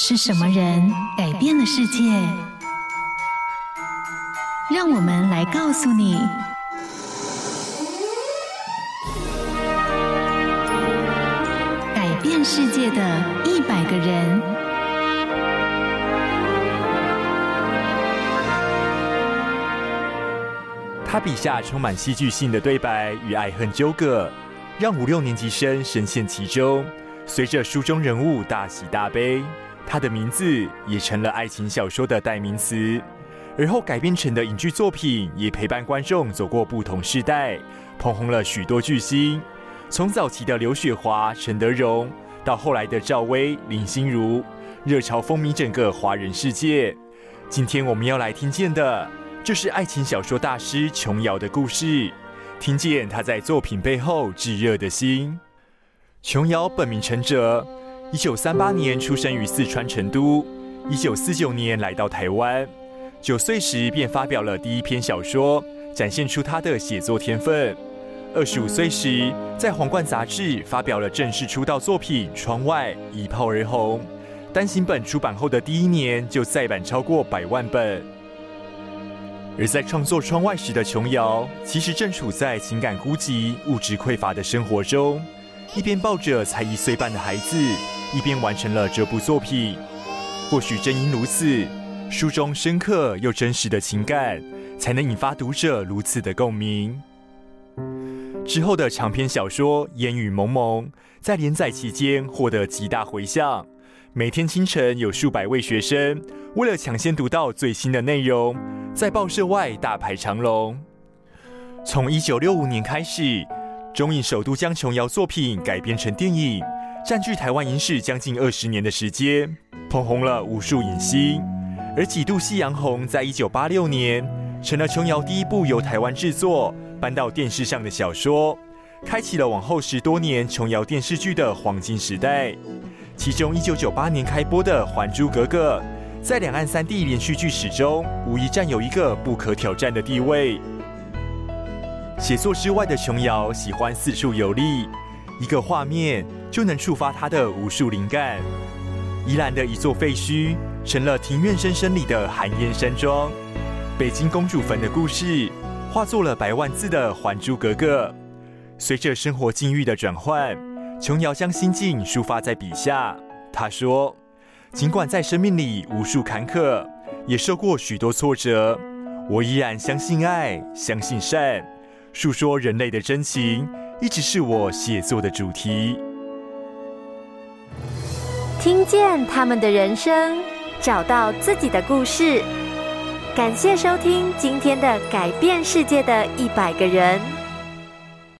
是什麼人改變了世界？讓我們來告訴你：改變世界的一百個人。他筆下充滿戲劇性的對白與愛恨糾葛，讓五六年級生深陷其中，隨着書中人物大喜大悲。他的名字也成了愛情小說的代名詞，而後改編成的影劇作品也陪伴觀眾走過不同時代，捧紅了許多巨星，從早期的劉雪華、陳德容，到後來的趙薇、林心如，熱潮風靡整個華人世界。今天我們要來聽見的，就是愛情小說大師瓊瑤的故事，聽見他在作品背後炙熱的心。瓊瑤本名陳喆。一九三八年出生於四川成都，一九四九年來到台灣，九歲時便發表了第一篇小說，展現出他的寫作天分。二十五歲時，在《皇冠》雜誌發表了正式出道作品《窗外》，一炮而紅。單行本出版後的第一年就再版超過百萬本。而在創作《窗外》時的瓊瑤，其實正處在情感孤寂、物質匱乏的生活中，一邊抱着才一歲半的孩子。一邊完成了這部作品，或許正因如此，書中深刻又真實的情感，才能引發讀者如此的共鳴。之後的長篇小說《煙雨蒙蒙》在連載期間獲得極大回響，每天清晨有數百位學生為了搶先讀到最新的內容，在報社外大排長龍。從1965年開始，中影首度將瓊瑤作品改編成電影，佔據台灣影史，將近二十年的時間，捧紅了無數影星，而幾度夕陽紅在一九八六年成了瓊瑤第一部由台灣製作搬到電視上的小說，開啟了往後十多年瓊瑤電視劇的黃金時代。其中一九九八年開播的《還珠格格》，在兩岸三地連續劇史中，無疑佔有一個不可挑戰的地位。寫作之外的瓊瑤，喜歡四處遊歷。一個畫面就能觸發他的無數靈感。宜蘭的一座廢墟成了庭院深深裡的寒煙山莊。北京公主墳的故事化作了百萬字的《還珠格格》。隨着生活境遇的轉換，瓊瑤將心境抒發在筆下。她說：“盡管在生命裡無數坎坷，也受過許多挫折，我依然相信愛，相信善，述說人類的真情。”一直是我寫作的主題。聽見他們的人生，找到自己的故事。感謝收聽今天的《改變世界的一百個人》。